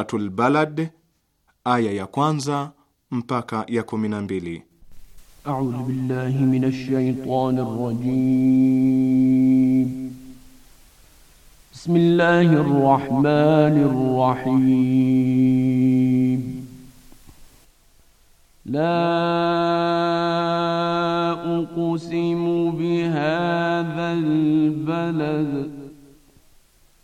Suratul Balad aya ya kwanza mpaka ya kumi na mbili. A'udhu billahi minash shaitanir rajim. Bismillahir rahmanir rahim. La uqsimu bihadhal balad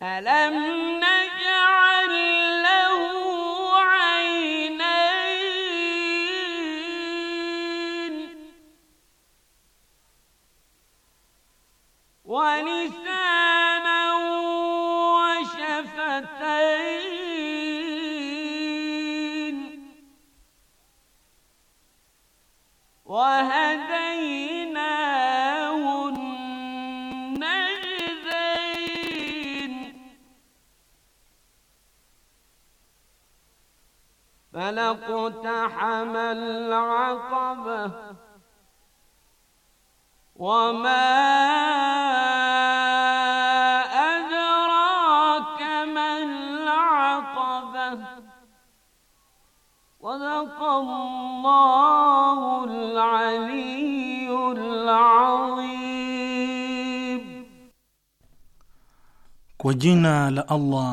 Alam na فلا اقتحم العقبة وما أدراك ما العقبة صدق الله العلي العظيم kwa لألله la Allah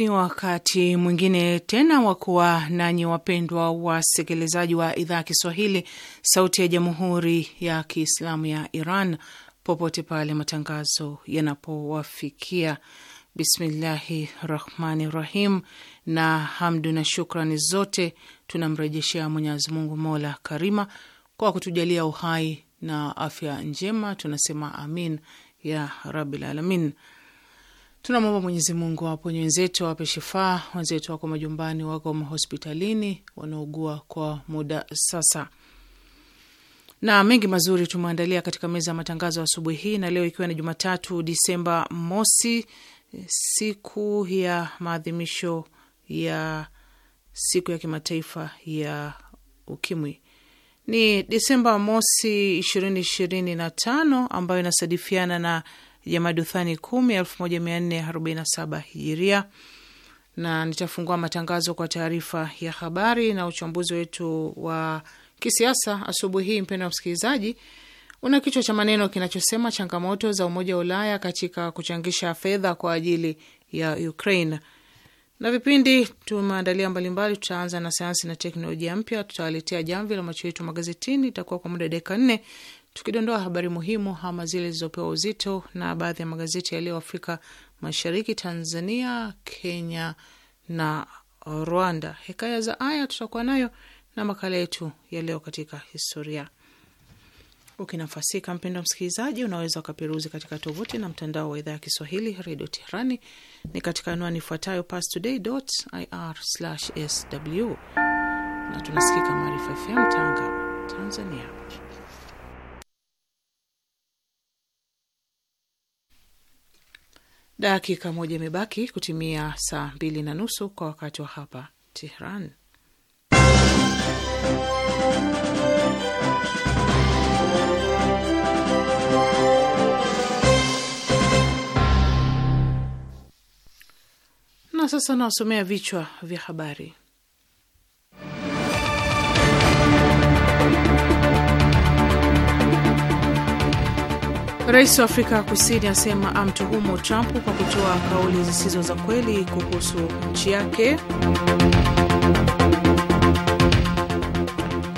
Ni wakati mwingine tena wa kuwa nanyi wapendwa wasikilizaji wa idhaa ya Kiswahili, Sauti ya Jamhuri ya Kiislamu ya Iran, popote pale matangazo yanapowafikia. Bismillahi rahmani rahim, na hamdu na shukrani zote tunamrejeshea Mwenyezi Mungu mola karima kwa kutujalia uhai na afya njema. Tunasema amin ya rabil alamin. Tunamwomba Mwenyezi Mungu awaponye wenzetu, awape shifaa wenzetu, wako majumbani, wako mahospitalini, wanaugua kwa muda sasa na mengi mazuri tumeandalia katika meza ya matangazo asubuhi hii, na leo ikiwa ni Jumatatu Disemba mosi, siku ya maadhimisho ya siku ya kimataifa ya ukimwi. Ni Disemba mosi ishirini ishirini na tano ambayo inasadifiana na Jamaduthani kumi elfu moja mia nne na saba hijiria, na nitafungua matangazo kwa taarifa ya habari na uchambuzi wetu wa kisiasa asubuhi hii. Mpendo wa msikilizaji, una kichwa cha maneno kinachosema changamoto za Umoja wa Ulaya katika kuchangisha fedha kwa ajili ya Ukraine na vipindi tumeandalia mbalimbali. Tutaanza na sayansi na teknolojia mpya, tutawaletea jamvi la macho yetu magazetini, itakuwa kwa muda dakika nne, tukidondoa habari muhimu ama zile zilizopewa uzito na baadhi ya magazeti yaliyo Afrika Mashariki, Tanzania, Kenya na Rwanda. Hekaya za aya tutakuwa nayo na makala yetu ya leo katika historia. Ukinafasika mpendwa msikilizaji, unaweza ukaperuzi katika tovuti na mtandao wa idhaa ya Kiswahili redio Teherani ni katika anwani ifuatayo pastoday.ir/sw, na tunasikika Maarifa FM Tanga, Tanzania. Dakika moja imebaki kutimia saa mbili na nusu kwa wakati wa hapa Tehran. Na sasa nawasomea vichwa vya habari. Rais wa Afrika ya Kusini asema amtuhumu Trump kwa kutoa kauli zisizo za kweli kuhusu nchi yake.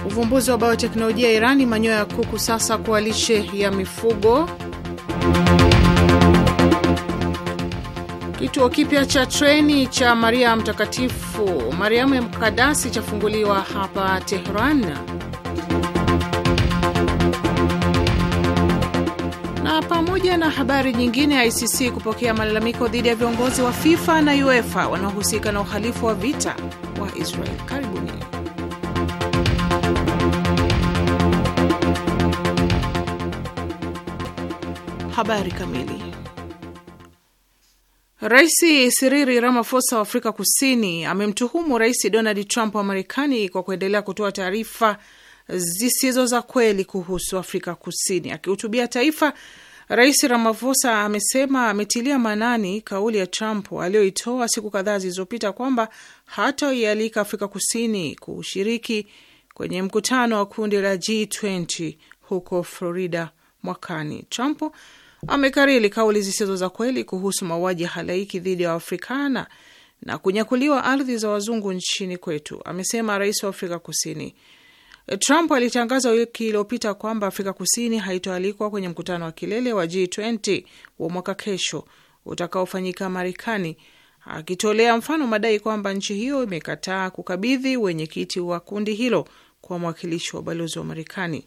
Uvumbuzi wa bayoteknolojia ya Irani, manyoya ya kuku sasa kwa lishe ya mifugo. Kituo kipya cha treni cha Maria Mtakatifu Mariamu Mkadasi chafunguliwa hapa Tehran. Pamoja na habari nyingine ya ICC kupokea malalamiko dhidi ya viongozi wa FIFA na UEFA wanaohusika na uhalifu wa vita wa Israel. Karibuni. Habari kamili. Rais Siriri Ramafosa wa Afrika Kusini amemtuhumu Rais Donald Trump wa Marekani kwa kuendelea kutoa taarifa zisizo za kweli kuhusu Afrika Kusini. Akihutubia taifa Rais Ramaphosa amesema ametilia maanani kauli ya Trump aliyoitoa siku kadhaa zilizopita kwamba hatoialika Afrika Kusini kushiriki kwenye mkutano wa kundi la G20 huko Florida mwakani. Trump amekariri kauli zisizo za kweli kuhusu mauaji ya halaiki dhidi ya Waafrikana na kunyakuliwa ardhi za wazungu nchini kwetu. Amesema rais wa Afrika Kusini Trump alitangaza wiki iliyopita kwamba Afrika Kusini haitoalikwa kwenye mkutano wa kilele wa G20 wa mwaka kesho utakaofanyika Marekani, akitolea mfano madai kwamba nchi hiyo imekataa kukabidhi wenyekiti wa kundi hilo kwa mwakilishi wa balozi wa Marekani.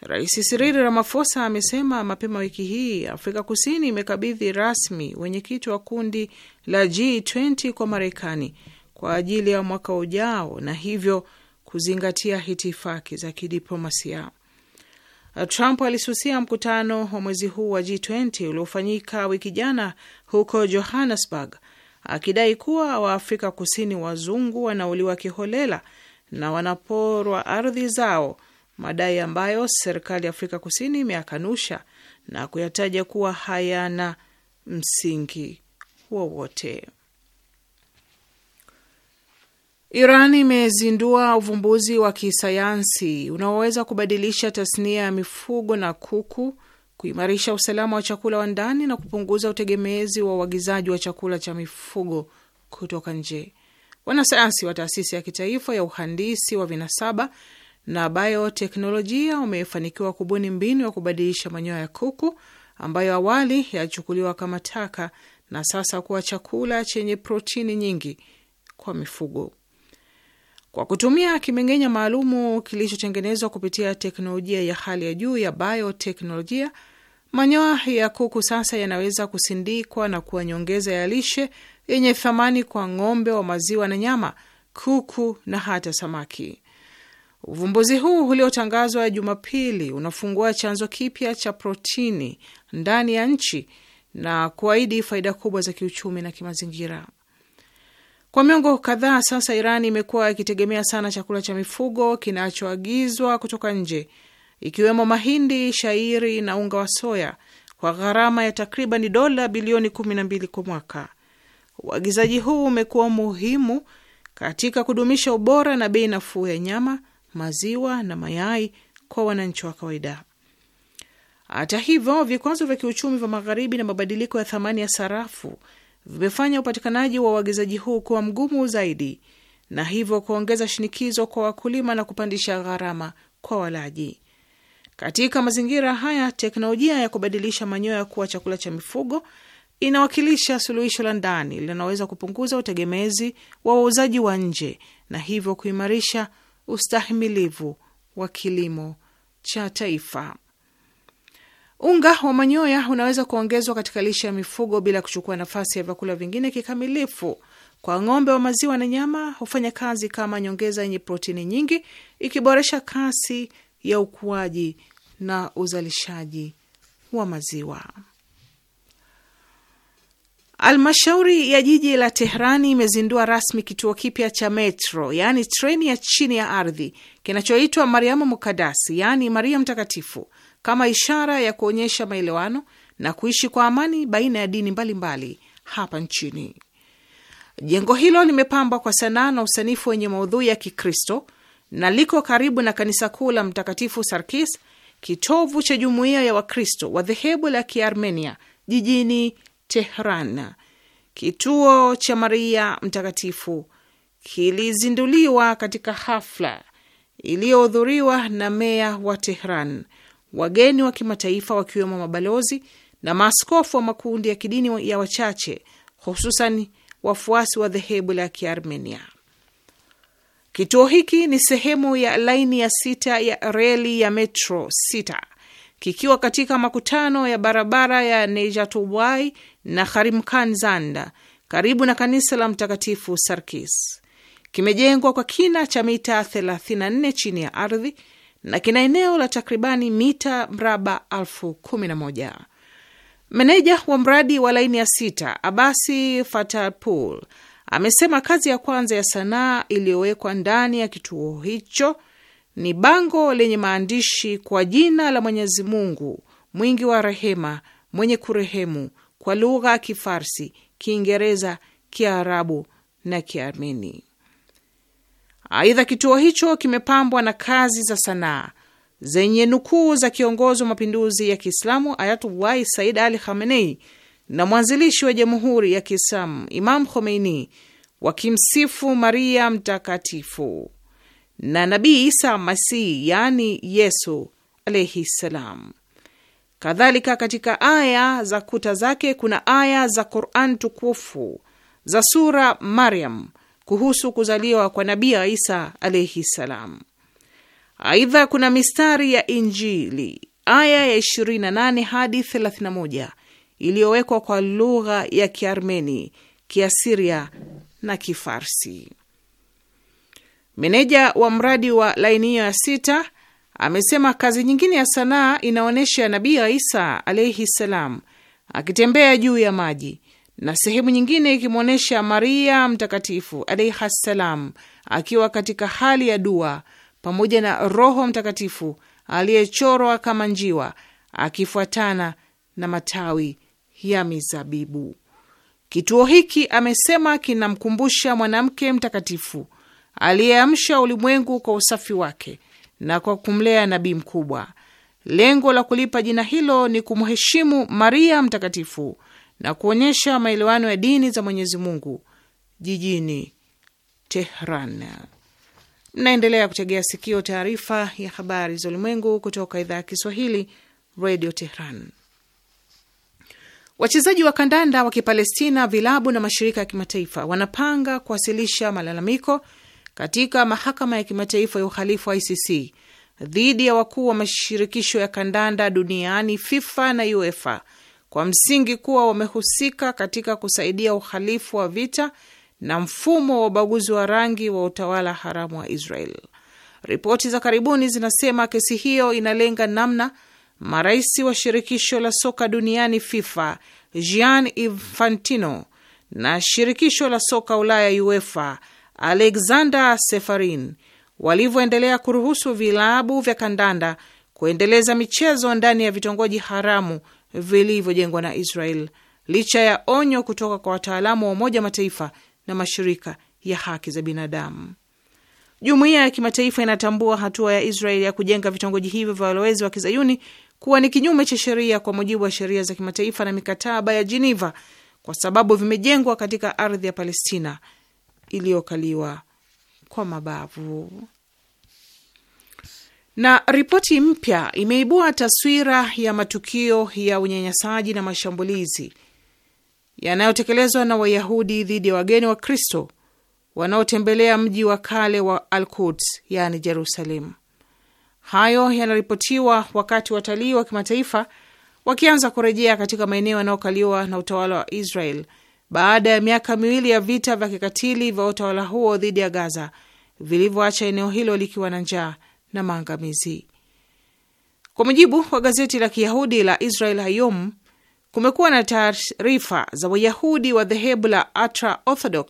Rais Cyril Ramaphosa amesema mapema wiki hii Afrika Kusini imekabidhi rasmi wenyekiti wa kundi la G20 kwa Marekani kwa ajili ya mwaka ujao na hivyo kuzingatia hitifaki za kidiplomasia. Trump alisusia mkutano wa mwezi huu wa G20 uliofanyika wiki jana huko Johannesburg, akidai kuwa Waafrika Kusini wazungu wanauliwa kiholela na wanaporwa ardhi zao, madai ambayo serikali ya Afrika Kusini imeakanusha na kuyataja kuwa hayana msingi wowote. Iran imezindua uvumbuzi wa kisayansi unaoweza kubadilisha tasnia ya mifugo na kuku, kuimarisha usalama wa chakula wa ndani na kupunguza utegemezi wa uagizaji wa chakula cha mifugo kutoka nje. Wanasayansi wa taasisi ya kitaifa ya uhandisi wa vinasaba na bioteknolojia wamefanikiwa kubuni mbinu ya kubadilisha manyoya ya kuku ambayo awali yachukuliwa kama taka na sasa kuwa chakula chenye protini nyingi kwa mifugo kwa kutumia kimeng'enya maalumu kilichotengenezwa kupitia teknolojia ya hali ya juu ya bioteknolojia. Manyoya ya kuku sasa yanaweza kusindikwa na kuwa nyongeza ya lishe yenye thamani kwa ng'ombe wa maziwa na nyama, kuku na hata samaki. Uvumbuzi huu uliotangazwa Jumapili unafungua chanzo kipya cha protini ndani ya nchi na kuahidi faida kubwa za kiuchumi na kimazingira. Kwa miongo kadhaa sasa, Iran imekuwa ikitegemea sana chakula cha mifugo kinachoagizwa kutoka nje, ikiwemo mahindi, shairi na unga wa soya kwa gharama ya takriban dola bilioni 12 kwa mwaka. Uagizaji huu umekuwa muhimu katika kudumisha ubora na bei nafuu ya nyama, maziwa na mayai kwa wananchi wa kawaida. Hata hivyo, vikwazo vya kiuchumi vya Magharibi na mabadiliko ya thamani ya sarafu vimefanya upatikanaji wa uagizaji huu kuwa mgumu zaidi na hivyo kuongeza shinikizo kwa wakulima na kupandisha gharama kwa walaji. Katika mazingira haya, teknolojia ya kubadilisha manyoya kuwa chakula cha mifugo inawakilisha suluhisho la ndani linaloweza kupunguza utegemezi wa wauzaji wa nje na hivyo kuimarisha ustahimilivu wa kilimo cha taifa. Unga wa manyoya unaweza kuongezwa katika lishe ya mifugo bila kuchukua nafasi ya vyakula vingine kikamilifu. Kwa ng'ombe wa maziwa na nyama, hufanya kazi kama nyongeza yenye protini nyingi, ikiboresha kasi ya ukuaji na uzalishaji wa maziwa. Almashauri ya jiji la Tehrani imezindua rasmi kituo kipya cha metro, yaani treni ya chini ya ardhi, kinachoitwa Mariamu Mukadasi, yaani Maria Mtakatifu kama ishara ya kuonyesha maelewano na kuishi kwa amani baina ya dini mbalimbali mbali hapa nchini. Jengo hilo limepambwa kwa sanaa na usanifu wenye maudhui ya Kikristo na liko karibu na kanisa kuu la Mtakatifu Sarkis, kitovu cha jumuiya ya Wakristo wa dhehebu la Kiarmenia jijini Tehran. Kituo cha Maria Mtakatifu kilizinduliwa katika hafla iliyohudhuriwa na meya wa Tehran wageni wa kimataifa wakiwemo mabalozi na maaskofu wa makundi ya kidini ya wachache, hususan wafuasi wa dhehebu la Kiarmenia. Kituo hiki ni sehemu ya laini ya sita ya reli ya metro sita, kikiwa katika makutano ya barabara ya Nejatobwai na Harimkan Zanda karibu na kanisa la Mtakatifu Sarkis. Kimejengwa kwa kina cha mita 34 chini ya ardhi na kina eneo la takribani mita mraba elfu kumi na moja. Meneja wa mradi wa laini ya sita Abasi Fatapul amesema kazi ya kwanza ya sanaa iliyowekwa ndani ya kituo hicho ni bango lenye maandishi kwa jina la Mwenyezi Mungu mwingi wa rehema, mwenye kurehemu, kwa lugha ya Kifarsi, Kiingereza, Kiarabu na Kiarmeni. Aidha, kituo hicho kimepambwa na kazi za sanaa zenye nukuu za kiongozi wa mapinduzi ya Kiislamu Ayatullahi Said Ali Khamenei na mwanzilishi wa jamhuri ya Kiislamu Imam Khomeini wakimsifu Maria Mtakatifu na Nabii Isa Masihi, yani Yesu alaihi ssalam. Kadhalika, katika aya za kuta zake kuna aya za Quran tukufu za sura Mariam kuhusu kuzaliwa kwa Nabii Isa alaihi salam. Aidha, kuna mistari ya Injili aya ya 28 hadi 31 iliyowekwa kwa lugha ya Kiarmeni, Kiasiria na Kifarsi. Meneja wa mradi wa laini hiyo ya sita amesema kazi nyingine ya sanaa inaonyesha Nabii Isa alaihi salam akitembea juu ya maji na sehemu nyingine ikimwonyesha Maria Mtakatifu alaihi ssalam akiwa katika hali ya dua pamoja na Roho Mtakatifu aliyechorwa kama njiwa akifuatana na matawi ya mizabibu. Kituo hiki amesema kinamkumbusha mwanamke mtakatifu aliyeamsha ulimwengu kwa usafi wake na kwa kumlea nabii mkubwa. Lengo la kulipa jina hilo ni kumheshimu Maria Mtakatifu na kuonyesha maelewano ya dini za Mwenyezi Mungu jijini Tehran. Mnaendelea kutegea sikio taarifa ya habari za ulimwengu kutoka idhaa ya Kiswahili, Radio Tehran. Wachezaji wa kandanda wa Kipalestina, vilabu na mashirika ya kimataifa wanapanga kuwasilisha malalamiko katika mahakama ya kimataifa ya uhalifu wa ICC dhidi ya wakuu wa mashirikisho ya kandanda duniani FIFA na UEFA kwa msingi kuwa wamehusika katika kusaidia uhalifu wa vita na mfumo wa ubaguzi wa rangi wa utawala haramu wa Israel. Ripoti za karibuni zinasema kesi hiyo inalenga namna marais wa shirikisho la soka duniani FIFA Gian Infantino na shirikisho la soka Ulaya UEFA Alexander Sefarin walivyoendelea kuruhusu vilabu vya kandanda kuendeleza michezo ndani ya vitongoji haramu vilivyojengwa na Israel licha ya onyo kutoka kwa wataalamu wa Umoja Mataifa na mashirika ya haki za binadamu. Jumuiya ya kimataifa inatambua hatua ya Israel ya kujenga vitongoji hivyo vya walowezi wa kizayuni kuwa ni kinyume cha sheria kwa mujibu wa sheria za kimataifa na mikataba ya Jeneva kwa sababu vimejengwa katika ardhi ya Palestina iliyokaliwa kwa mabavu. Na ripoti mpya imeibua taswira ya matukio ya unyanyasaji na mashambulizi yanayotekelezwa na Wayahudi dhidi ya wageni wa Kristo wanaotembelea mji wa kale wa Al-Quds, yaani Jerusalemu. Hayo yanaripotiwa wakati watalii wa kimataifa wakianza kurejea katika maeneo yanayokaliwa na utawala wa Israel baada ya miaka miwili ya vita vya kikatili vya utawala huo dhidi ya Gaza vilivyoacha eneo hilo likiwa na njaa na maangamizi. Kwa mujibu wa gazeti la Kiyahudi la Israel Hayom, kumekuwa na taarifa za Wayahudi wa dhehebu la Ultra Orthodox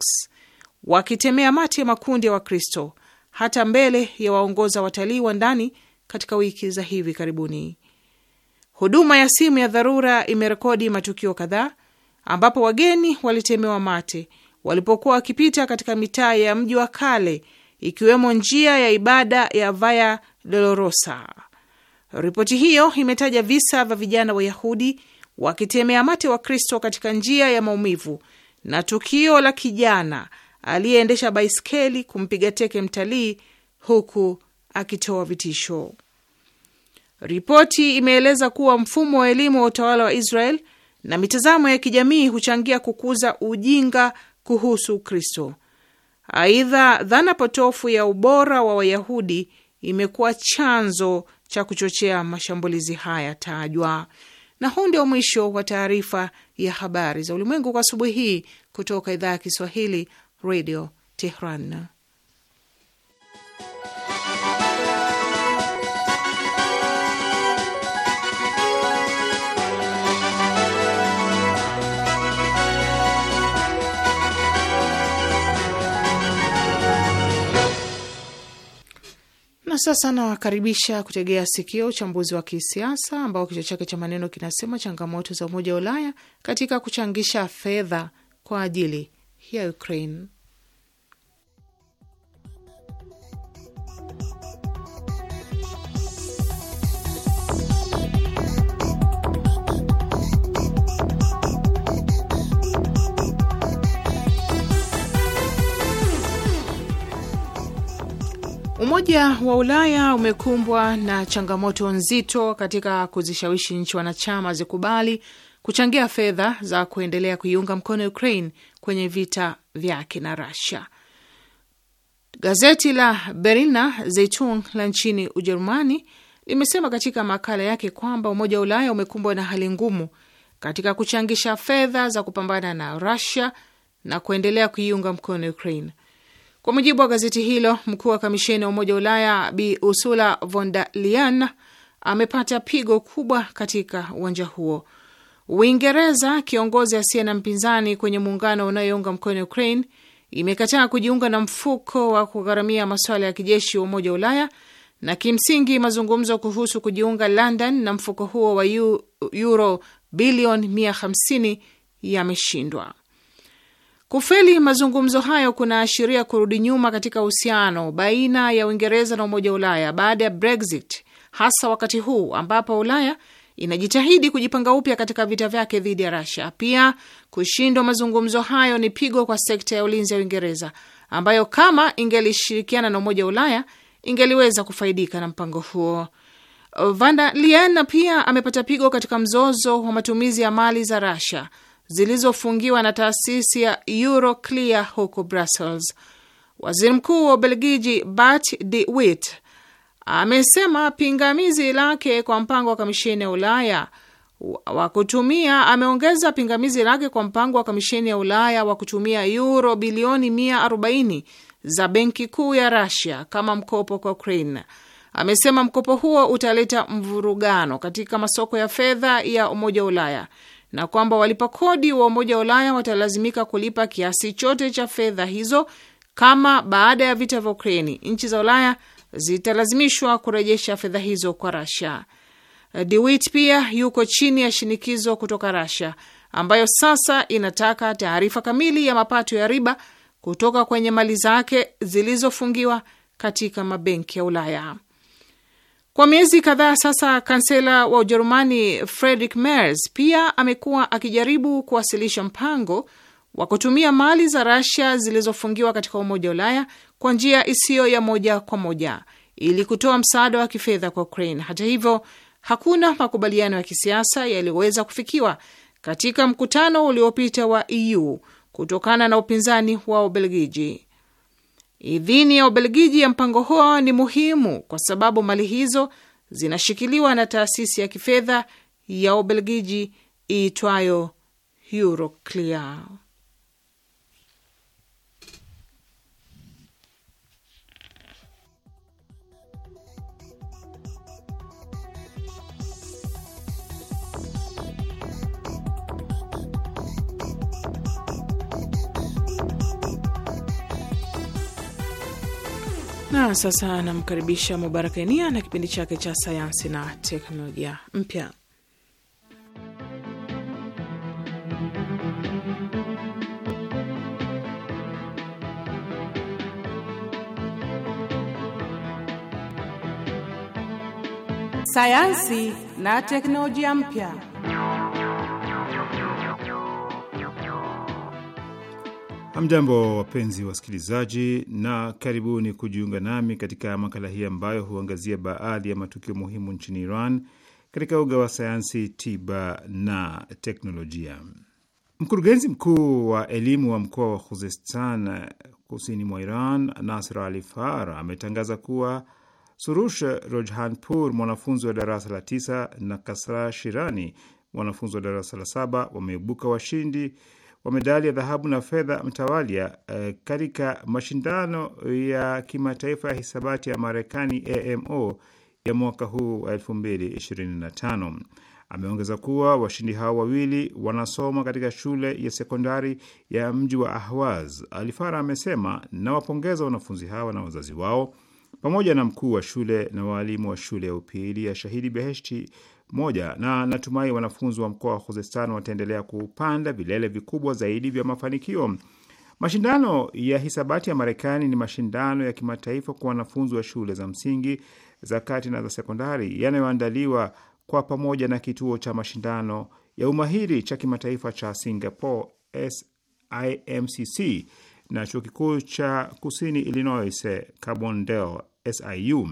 wakitemea mate makundi ya Wakristo hata mbele ya waongoza watalii wa ndani katika wiki za hivi karibuni. Huduma ya simu ya dharura imerekodi matukio kadhaa ambapo wageni walitemewa mate walipokuwa wakipita katika mitaa ya mji wa kale ikiwemo njia ya ibada ya Via Dolorosa. Ripoti hiyo imetaja visa vya vijana Wayahudi wakitemea mate wa Kristo katika njia ya maumivu na tukio la kijana aliyeendesha baiskeli kumpiga teke mtalii huku akitoa vitisho. Ripoti imeeleza kuwa mfumo wa elimu wa utawala wa Israel na mitazamo ya kijamii huchangia kukuza ujinga kuhusu Ukristo Aidha, dhana potofu ya ubora wa Wayahudi imekuwa chanzo cha kuchochea mashambulizi haya tajwa. Na huu ndio mwisho wa taarifa ya habari za ulimwengu kwa asubuhi hii kutoka idhaa ya Kiswahili, Radio Tehran. Na sasa nawakaribisha kutegea sikio uchambuzi wa kisiasa ambao kichwa chake cha maneno kinasema changamoto za Umoja wa Ulaya katika kuchangisha fedha kwa ajili ya Ukraine. Umoja wa Ulaya umekumbwa na changamoto nzito katika kuzishawishi nchi wanachama zikubali kuchangia fedha za kuendelea kuiunga mkono Ukraine kwenye vita vyake na Russia. Gazeti la Berliner Zeitung la nchini Ujerumani limesema katika makala yake kwamba Umoja wa Ulaya umekumbwa na hali ngumu katika kuchangisha fedha za kupambana na Russia na kuendelea kuiunga mkono Ukraine. Kwa mujibu wa gazeti hilo, mkuu wa kamisheni ya Umoja wa Ulaya Bi Ursula von der Leyen amepata pigo kubwa katika uwanja huo. Uingereza, kiongozi asiye na mpinzani kwenye muungano unayounga mkono Ukraine, imekataa kujiunga na mfuko wa kugharamia masuala ya kijeshi wa Umoja wa Ulaya, na kimsingi mazungumzo kuhusu kujiunga London na mfuko huo wa euro bilioni 150 yameshindwa. Kufeli mazungumzo hayo kunaashiria kurudi nyuma katika uhusiano baina ya Uingereza na Umoja wa Ulaya baada ya Brexit, hasa wakati huu ambapo Ulaya inajitahidi kujipanga upya katika vita vyake dhidi ya Russia. Pia kushindwa mazungumzo hayo ni pigo kwa sekta ya ulinzi ya Uingereza ambayo kama ingelishirikiana na Umoja wa Ulaya ingeliweza kufaidika na mpango huo. Van der Leyen pia amepata pigo katika mzozo wa matumizi ya mali za Russia zilizofungiwa na taasisi ya Euroclear huko Brussels. Waziri Mkuu wa Ubelgiji Bart de Wit amesema pingamizi lake kwa mpango wa kamisheni ya Ulaya wa kutumia ameongeza pingamizi lake kwa mpango wa kamisheni ya Ulaya wa kutumia euro bilioni 140 za benki kuu ya Russia kama mkopo kwa Ukraine. Amesema mkopo huo utaleta mvurugano katika masoko ya fedha ya Umoja wa Ulaya na kwamba walipa kodi wa Umoja wa Ulaya watalazimika kulipa kiasi chote cha fedha hizo, kama baada ya vita vya Ukraini nchi za Ulaya zitalazimishwa kurejesha fedha hizo kwa rasia Dewit pia yuko chini ya shinikizo kutoka rasia ambayo sasa inataka taarifa kamili ya mapato ya riba kutoka kwenye mali zake zilizofungiwa katika mabenki ya Ulaya. Kwa miezi kadhaa sasa, kansela wa Ujerumani Friedrich Merz pia amekuwa akijaribu kuwasilisha mpango wa kutumia mali za Rasia zilizofungiwa katika Umoja wa Ulaya kwa njia isiyo ya moja kwa moja ili kutoa msaada wa kifedha kwa Ukraine. Hata hivyo, hakuna makubaliano ya kisiasa yaliyoweza kufikiwa katika mkutano uliopita wa EU kutokana na upinzani wa Ubelgiji. Idhini ya Ubelgiji ya mpango huo ni muhimu kwa sababu mali hizo zinashikiliwa na taasisi ya kifedha ya Ubelgiji iitwayo Euroclear. Na sasa namkaribisha Mubaraka Enia na kipindi chake cha sayansi na teknolojia mpya. Sayansi na teknolojia mpya. Hamjambo, wapenzi wasikilizaji, na karibuni kujiunga nami katika makala hii ambayo huangazia baadhi ya matukio muhimu nchini Iran katika uga wa sayansi, tiba na teknolojia. Mkurugenzi mkuu wa elimu wa mkoa wa Khuzestan kusini mwa Iran, Nasr Ali Far ametangaza kuwa Surush Rojhanpur, mwanafunzi wa darasa la tisa, na Kasra Shirani, mwanafunzi wa darasa la saba, wameibuka washindi wa medali ya dhahabu na fedha mtawalia uh, katika mashindano ya kimataifa ya hisabati ya Marekani AMO ya mwaka huu wa 2025. Ameongeza kuwa washindi hao wawili wanasoma katika shule ya sekondari ya mji wa Ahwaz. Alifara amesema, nawapongeza wanafunzi hawa na wazazi wao pamoja na mkuu wa shule na waalimu wa shule ya upili ya Shahidi Beheshti moja, na natumai wanafunzi wa mkoa wa Khuzestan wataendelea kupanda vilele vikubwa zaidi vya mafanikio. Mashindano ya hisabati ya Marekani ni mashindano ya kimataifa kwa wanafunzi wa shule za msingi, za kati na za sekondari yanayoandaliwa kwa pamoja na kituo cha mashindano ya umahiri cha kimataifa cha Singapore SIMCC na chuo kikuu cha kusini Illinois Carbondale SIU.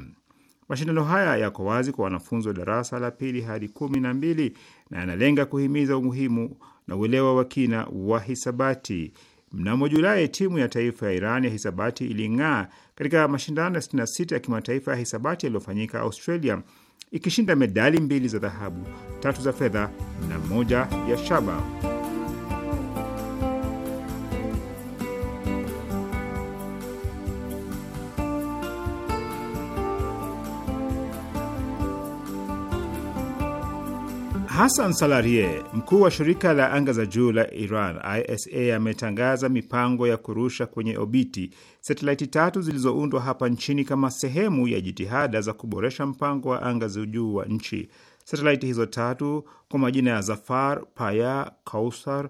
Mashindano haya yako wazi kwa wanafunzi wa darasa la pili hadi kumi na mbili na yanalenga kuhimiza umuhimu na uelewa wa kina wa hisabati. Mnamo Julai, timu ya taifa ya Iran ya hisabati iling'aa katika mashindano ya 66 ya kimataifa ya hisabati yaliyofanyika Australia, ikishinda medali mbili za dhahabu, tatu za fedha na moja ya shaba. Hassan Salarie, mkuu wa shirika la anga za juu la Iran ISA, ametangaza mipango ya kurusha kwenye obiti satelaiti tatu zilizoundwa hapa nchini kama sehemu ya jitihada za kuboresha mpango wa anga za juu wa nchi. Satelaiti hizo tatu kwa majina ya Zafar, Paya, Kausar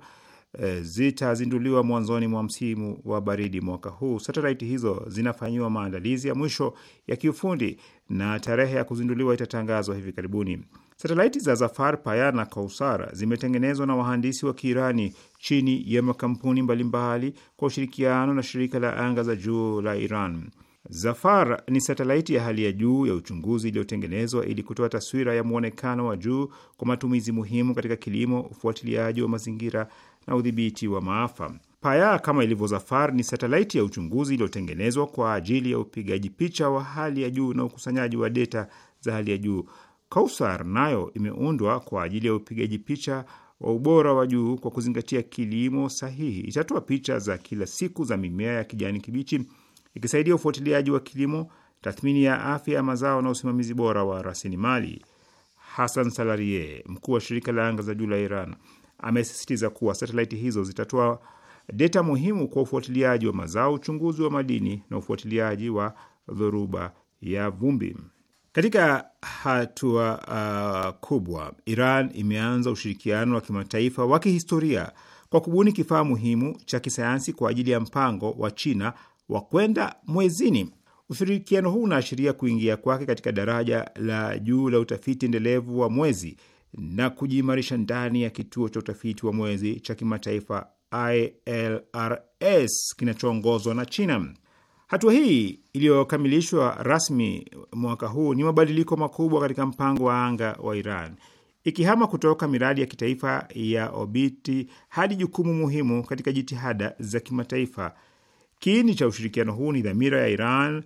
eh, zitazinduliwa mwanzoni mwa msimu wa baridi mwaka huu. Satelaiti hizo zinafanyiwa maandalizi ya mwisho ya kiufundi na tarehe ya kuzinduliwa itatangazwa hivi karibuni. Satelaiti za Zafar, Paya na Kausara zimetengenezwa na wahandisi wa Kiirani chini ya makampuni mbalimbali kwa ushirikiano na shirika la anga za juu la Iran. Zafar ni satelaiti ya hali ya juu ya uchunguzi iliyotengenezwa ili kutoa taswira ya mwonekano wa juu kwa matumizi muhimu katika kilimo, ufuatiliaji wa mazingira na udhibiti wa maafa. Paya, kama ilivyo Zafar, ni satelaiti ya uchunguzi iliyotengenezwa kwa ajili ya upigaji picha wa hali ya juu na ukusanyaji wa deta za hali ya juu Kausar nayo imeundwa kwa ajili ya upigaji picha wa ubora wa juu kwa kuzingatia kilimo sahihi. Itatoa picha za kila siku za mimea ya kijani kibichi, ikisaidia ufuatiliaji wa kilimo, tathmini ya afya ya mazao na usimamizi bora wa rasilimali. Hassan Salarie, mkuu wa shirika la anga za juu la Iran, amesisitiza kuwa satelaiti hizo zitatoa deta muhimu kwa ufuatiliaji wa mazao, uchunguzi wa madini na ufuatiliaji wa dhoruba ya vumbi. Katika hatua uh, kubwa, Iran imeanza ushirikiano wa kimataifa wa kihistoria kwa kubuni kifaa muhimu cha kisayansi kwa ajili ya mpango wa China wa kwenda mwezini. Ushirikiano huu unaashiria kuingia kwake katika daraja la juu la utafiti endelevu wa mwezi na kujiimarisha ndani ya kituo cha utafiti wa mwezi cha kimataifa ILRS kinachoongozwa na China. Hatua hii iliyokamilishwa rasmi mwaka huu ni mabadiliko makubwa katika mpango wa anga wa Iran, ikihama kutoka miradi ya kitaifa ya obiti hadi jukumu muhimu katika jitihada za kimataifa. Kiini cha ushirikiano huu ni dhamira ya Iran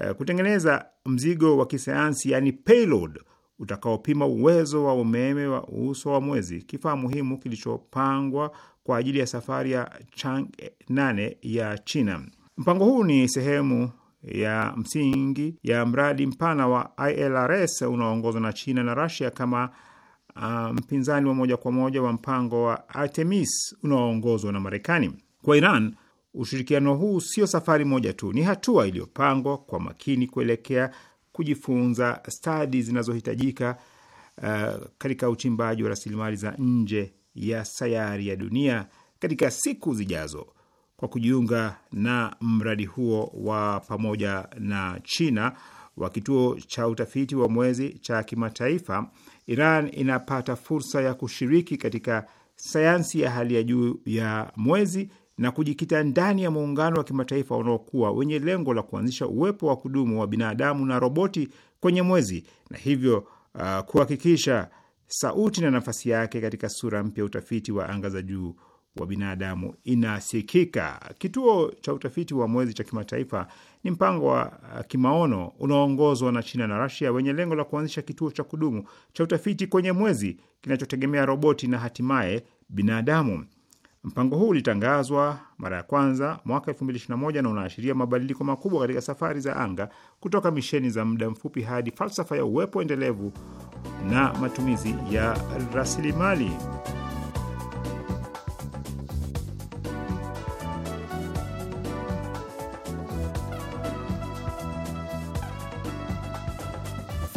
eh, kutengeneza mzigo wa kisayansi yani payload utakaopima uwezo wa umeme wa uso wa mwezi, kifaa muhimu kilichopangwa kwa ajili ya safari ya Chang 8 ya China. Mpango huu ni sehemu ya msingi ya mradi mpana wa ILRS unaoongozwa na China na Russia kama uh, mpinzani wa moja kwa moja wa mpango wa Artemis unaoongozwa na Marekani. Kwa Iran, ushirikiano huu sio safari moja tu, ni hatua iliyopangwa kwa makini kuelekea kujifunza stadi zinazohitajika uh, katika uchimbaji wa rasilimali za nje ya sayari ya dunia katika siku zijazo kwa kujiunga na mradi huo wa pamoja na China wa kituo cha utafiti wa mwezi cha kimataifa, Iran inapata fursa ya kushiriki katika sayansi ya hali ya juu ya mwezi na kujikita ndani ya muungano wa kimataifa unaokuwa wenye lengo la kuanzisha uwepo wa kudumu wa binadamu na roboti kwenye mwezi na hivyo uh, kuhakikisha sauti na nafasi yake katika sura mpya utafiti wa anga za juu wa binadamu inasikika. Kituo cha utafiti wa mwezi cha kimataifa ni mpango wa uh, kimaono unaoongozwa na China na Rasia wenye lengo la kuanzisha kituo cha kudumu cha utafiti kwenye mwezi kinachotegemea roboti na hatimaye binadamu. Mpango huu ulitangazwa mara ya kwanza mwaka 2021 na unaashiria mabadiliko makubwa katika safari za anga kutoka misheni za muda mfupi hadi falsafa ya uwepo endelevu na matumizi ya rasilimali.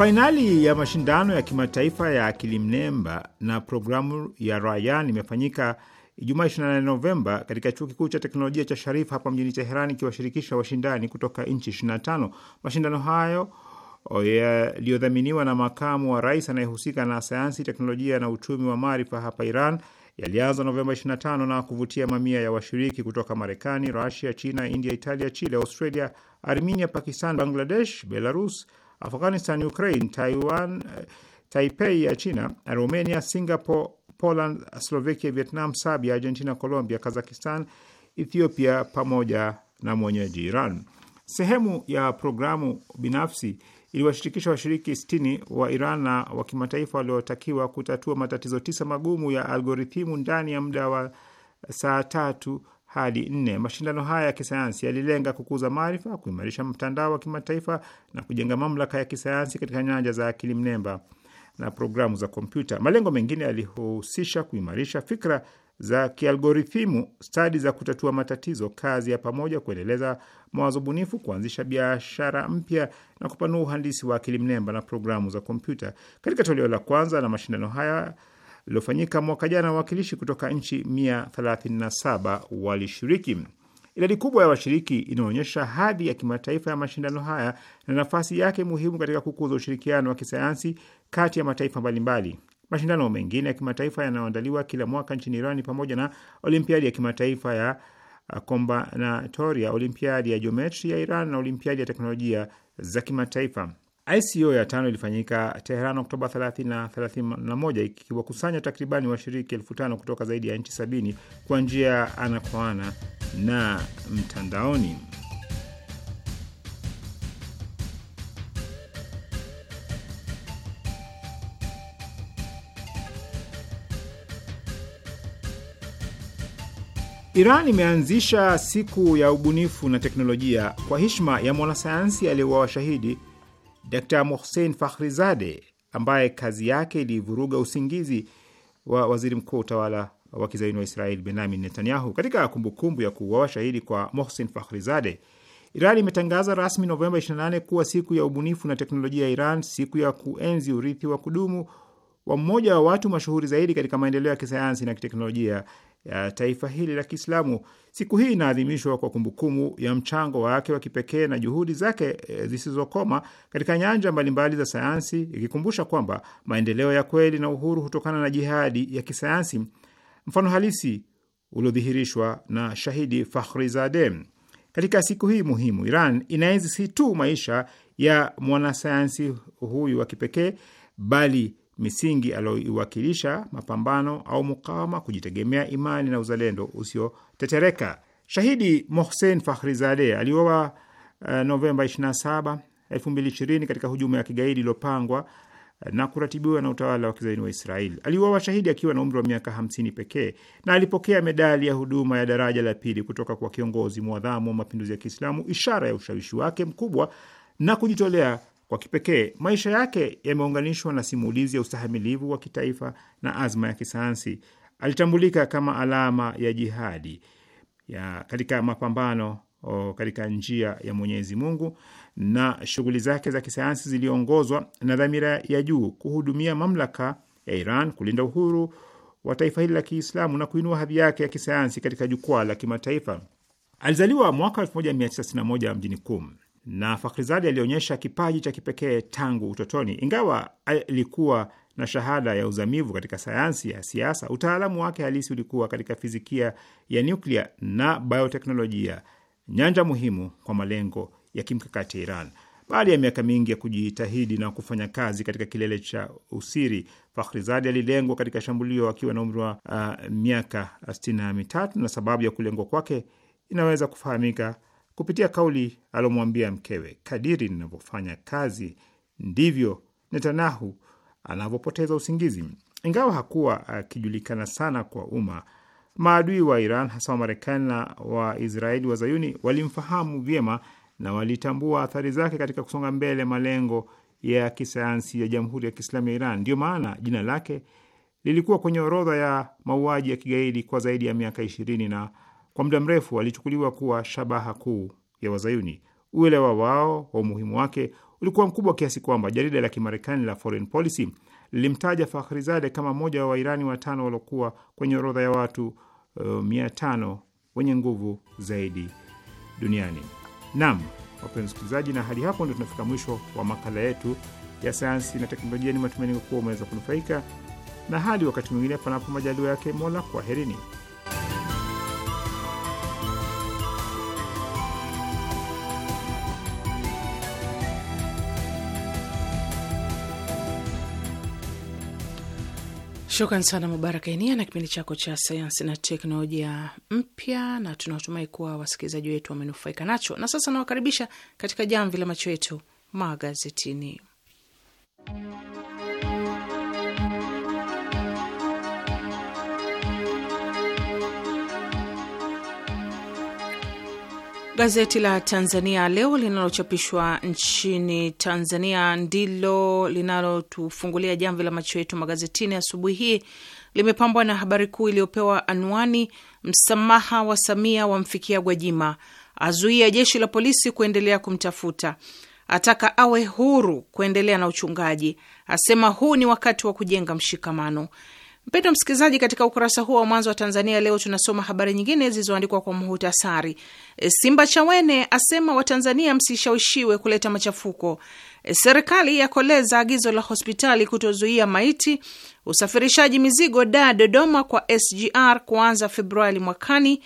Fainali ya mashindano ya kimataifa ya akili mnemba na programu ya Rayan imefanyika Ijumaa 28 Novemba katika chuo kikuu cha teknolojia cha Sharif hapa mjini Teheran, ikiwashirikisha washindani kutoka nchi 25. Mashindano hayo oh, yaliyodhaminiwa na makamu wa rais anayehusika na sayansi, teknolojia na uchumi wa maarifa hapa Iran yalianza Novemba 25 na kuvutia mamia ya washiriki kutoka Marekani, Rusia, China, India, Italia, Chile, Australia, Armenia, Pakistan, Bangladesh, Belarus, Afghanistan, Ukraine, Taiwan, Taipei ya China, Romania, Singapore, Poland, Slovakia, Vietnam, Serbia, Argentina, Colombia, Kazakhstan, Ethiopia pamoja na mwenyeji Iran. Sehemu ya programu binafsi iliwashirikisha washiriki sitini wa Iran na wa kimataifa waliotakiwa kutatua matatizo tisa magumu ya algorithimu ndani ya muda wa saa tatu hadi nne. Mashindano haya ya kisayansi yalilenga kukuza maarifa, kuimarisha mtandao wa kimataifa na kujenga mamlaka ya kisayansi katika nyanja za akili mnemba na programu za kompyuta. Malengo mengine yalihusisha kuimarisha fikra za kialgorithimu, stadi za kutatua matatizo, kazi ya pamoja, kuendeleza mawazo bunifu, kuanzisha biashara mpya na kupanua uhandisi wa akili mnemba na programu za kompyuta. Katika toleo la kwanza la mashindano haya lililofanyika mwaka jana, wawakilishi kutoka nchi 137 walishiriki. Idadi kubwa ya washiriki inaonyesha hadhi ya kimataifa ya mashindano haya na nafasi yake muhimu katika kukuza ushirikiano wa kisayansi kati ya mataifa mbalimbali. Mashindano mengine ya kimataifa yanayoandaliwa kila mwaka nchini Iran ni pamoja na olimpiadi ya kimataifa ya kombanatoria, uh, olimpiadi ya jiometri ya Iran na olimpiadi ya teknolojia za kimataifa. ICO ya tano ilifanyika Teheran Oktoba 30 na 31 ikiwakusanya takribani washiriki elfu tano kutoka zaidi ya nchi sabini kwa njia ya ana kwa ana na mtandaoni. Iran imeanzisha siku ya ubunifu na teknolojia kwa hishma ya mwanasayansi aliyeuawa shahidi Dr Mohsen Fakhrizade ambaye kazi yake ilivuruga usingizi wa waziri mkuu wa utawala wa kizaini wa Israel Benyamin Netanyahu. Katika kumbukumbu ya kuuawa shahidi kwa Mohsen Fakhrizade, Iran imetangaza rasmi Novemba 28 kuwa siku ya ubunifu na teknolojia ya Iran, siku ya kuenzi urithi wa kudumu wa mmoja wa watu mashuhuri zaidi katika maendeleo ya kisayansi na kiteknolojia ya taifa hili la Kiislamu. Siku hii inaadhimishwa kwa kumbukumbu ya mchango wake wa kipekee na juhudi zake e, zisizokoma katika nyanja mbalimbali za sayansi, ikikumbusha kwamba maendeleo ya kweli na uhuru hutokana na jihadi ya kisayansi, mfano halisi uliodhihirishwa na shahidi Fakhrizadeh. Katika siku hii muhimu, Iran inaenzi si tu maisha ya mwanasayansi huyu wa kipekee, bali misingi aliyoiwakilisha mapambano au mukawama, kujitegemea, imani na uzalendo usiotetereka. Shahidi Mohsen Fakhrizadeh aliuawa uh, eh, Novemba 27, 2020 katika hujuma ya kigaidi iliyopangwa eh, na kuratibiwa na utawala wa kizaini wa Israeli. Aliuawa shahidi akiwa na umri wa miaka 50 pekee na alipokea medali ya huduma ya daraja la pili kutoka kwa kiongozi mwadhamu wa mapinduzi ya Kiislamu, ishara ya ushawishi wake mkubwa na kujitolea kwa kipekee. Maisha yake yameunganishwa na simulizi ya ustahamilivu wa kitaifa na azma ya kisayansi. Alitambulika kama alama ya jihadi ya katika mapambano o, katika njia ya Mwenyezi Mungu, na shughuli zake za kisayansi ziliongozwa na dhamira ya juu kuhudumia mamlaka ya Iran, kulinda uhuru wa taifa hili la Kiislamu na kuinua hadhi yake ya kisayansi katika jukwaa la kimataifa. Alizaliwa mwaka 1961 mjini Kum na Fakhrizadi alionyesha kipaji cha kipekee tangu utotoni. Ingawa alikuwa na shahada ya uzamivu katika sayansi ya siasa, utaalamu wake halisi ulikuwa katika fizikia ya nyuklia na bioteknolojia, nyanja muhimu kwa malengo ya kimkakati ya Iran. Baada ya miaka mingi ya kujitahidi na kufanya kazi katika kilele cha usiri, Fakhrizadi alilengwa katika shambulio akiwa na umri wa uh, miaka sitini na mitatu, na sababu ya kulengwa kwake inaweza kufahamika kupitia kauli alomwambia mkewe, kadiri ninavyofanya kazi ndivyo Netanyahu anavyopoteza usingizi. Ingawa hakuwa akijulikana sana kwa umma, maadui wa Iran hasa Wamarekani na Waisraeli zayuni walimfahamu vyema na walitambua athari zake katika kusonga mbele malengo ya kisayansi ya Jamhuri ya Kiislamu ya Iran. Ndiyo maana jina lake lilikuwa kwenye orodha ya mauaji ya kigaidi kwa zaidi ya miaka ishirini na kwa muda mrefu walichukuliwa kuwa shabaha kuu ya Wazayuni. Uelewa wao wa umuhimu wake ulikuwa mkubwa kiasi kwamba jarida la Kimarekani la Foreign Policy lilimtaja Fakhrizade kama mmoja wa Wairani watano waliokuwa kwenye orodha ya watu uh, mia tano wenye nguvu zaidi duniani. Naam, wapenzi wasikilizaji, na hadi hapo ndo tunafika mwisho wa makala yetu ya sayansi na teknolojia. Ni matumaini kuwa umeweza kunufaika, na hadi wakati mwingine, panapo majaliwa yake Mola, kwaherini. Shukran sana Mubaraka Enia na kipindi chako cha sayansi na teknolojia mpya, na tunatumai kuwa wasikilizaji wetu wamenufaika nacho. Na sasa nawakaribisha katika jamvi la macho yetu magazetini. Gazeti la Tanzania Leo linalochapishwa nchini Tanzania ndilo linalotufungulia jamvi la macho yetu magazetini asubuhi hii. Limepambwa na habari kuu iliyopewa anwani, msamaha wa Samia wamfikia Gwajima, azuia jeshi la polisi kuendelea kumtafuta, ataka awe huru kuendelea na uchungaji, asema huu ni wakati wa kujenga mshikamano. Mpendo msikilizaji, katika ukurasa huo wa mwanzo wa Tanzania Leo tunasoma habari nyingine zilizoandikwa kwa muhutasari. E, Simba Chawene asema Watanzania msishawishiwe kuleta machafuko. E, serikali yakoleza agizo la hospitali kutozuia maiti. Usafirishaji mizigo da Dodoma kwa SGR kuanza Februari mwakani.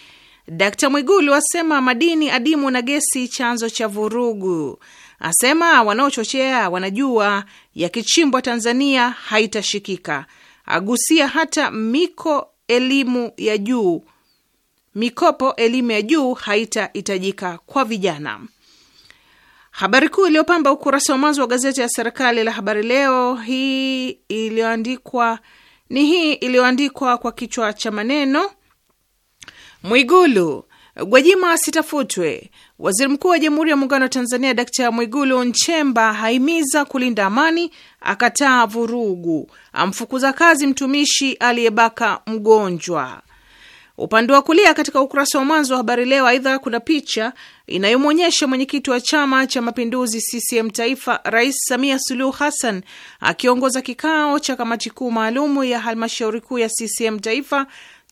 Dkt Mwigulu asema madini adimu na gesi chanzo cha vurugu. Asema wanaochochea wanajua yakichimbwa Tanzania haitashikika agusia hata miko elimu ya juu mikopo elimu ya juu haitahitajika kwa vijana. Habari kuu iliyopamba ukurasa wa mwanzo wa gazeti ya serikali la Habari Leo hii iliyoandikwa ni hii iliyoandikwa kwa kichwa cha maneno Mwigulu Gwajima sitafutwe. Waziri Mkuu wa Jamhuri ya Muungano wa Tanzania Dkt Mwigulu Nchemba haimiza kulinda amani, akataa vurugu, amfukuza kazi mtumishi aliyebaka mgonjwa. Upande wa kulia katika ukurasa wa mwanzo wa Habari Leo, aidha kuna picha inayomwonyesha mwenyekiti wa Chama cha Mapinduzi CCM Taifa, Rais Samia Suluhu Hassan akiongoza kikao cha kamati kuu maalumu ya halmashauri kuu ya CCM Taifa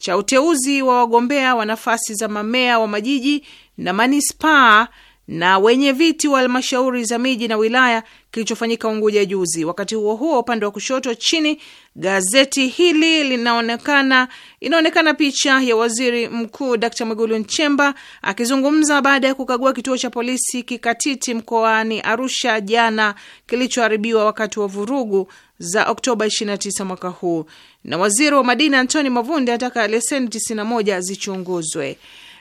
cha uteuzi wa wagombea wa nafasi za mamea wa majiji na manispaa na wenye viti wa halmashauri za miji na wilaya kilichofanyika Unguja juzi. Wakati huo huo, upande wa kushoto chini gazeti hili linaonekana, inaonekana picha ya waziri mkuu Dkt. Mwigulu Nchemba akizungumza baada ya kukagua kituo cha polisi Kikatiti mkoani Arusha jana kilichoharibiwa wakati wa vurugu za Oktoba 29 mwaka huu, na waziri wa madini Antoni Mavunde ataka leseni 91 zichunguzwe.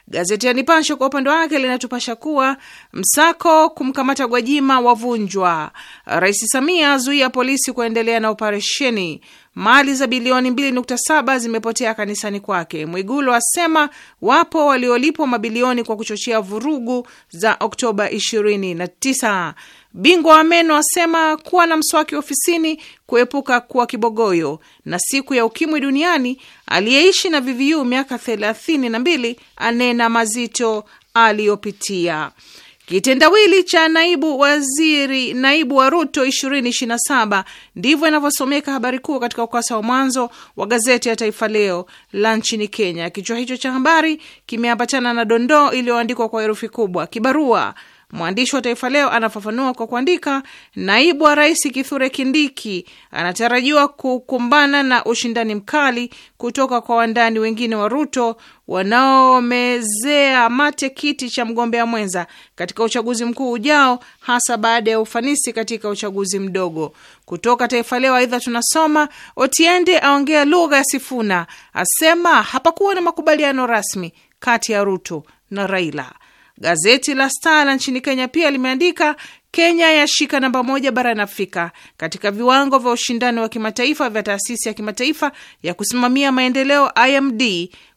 Gazeti ya Nipashe kwa upande wake linatupasha kuwa msako kumkamata Gwajima wavunjwa, Rais Samia azuia polisi kuendelea na operesheni Mali za bilioni 2.7 zimepotea kanisani kwake. Mwigulu asema wapo waliolipwa mabilioni kwa kuchochea vurugu za Oktoba 29. Bingwa wa meno asema kuwa na mswaki ofisini kuepuka kuwa kibogoyo. Na siku ya ukimwi duniani, aliyeishi na VVU miaka 32 anena mazito aliyopitia. Kitendawili cha naibu waziri naibu wa Ruto 2027 ndivyo inavyosomeka habari kuu katika ukurasa wa mwanzo wa gazeti ya Taifa Leo la nchini Kenya. Kichwa hicho cha habari kimeambatana na dondoo iliyoandikwa kwa herufi kubwa, kibarua Mwandishi wa Taifa Leo anafafanua kwa kuandika, naibu wa rais Kithure Kindiki anatarajiwa kukumbana na ushindani mkali kutoka kwa wandani wengine wa Ruto wanaomezea mate kiti cha mgombea mwenza katika uchaguzi mkuu ujao, hasa baada ya ufanisi katika uchaguzi mdogo. Kutoka Taifa Leo aidha tunasoma Otiende aongea lugha ya Sifuna, asema hapakuwa na makubaliano rasmi kati ya Ruto na Raila. Gazeti la Star la nchini Kenya pia limeandika Kenya yashika namba moja barani Afrika katika viwango vya ushindani wa kimataifa vya taasisi ya kimataifa ya kusimamia maendeleo IMD